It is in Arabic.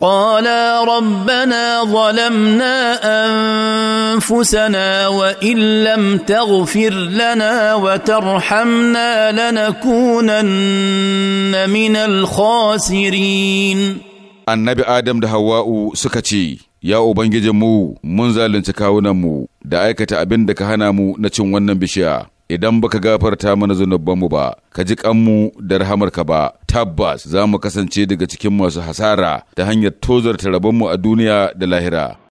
قالا ربنا ظلمنا انفسنا وان لم تغفر لنا وترحمنا لنكونن من الخاسرين النبي ادم ده هواء سكتي يا ابن جمو منزل تكاونا مو دايكة ابن دك هنا مو ونن بشيا idan baka gafarta mana zunubanmu ba ka ji kanmu da tabbas za mu kasance daga cikin masu hasara ta hanyar tozarta rabonmu a duniya da lahira.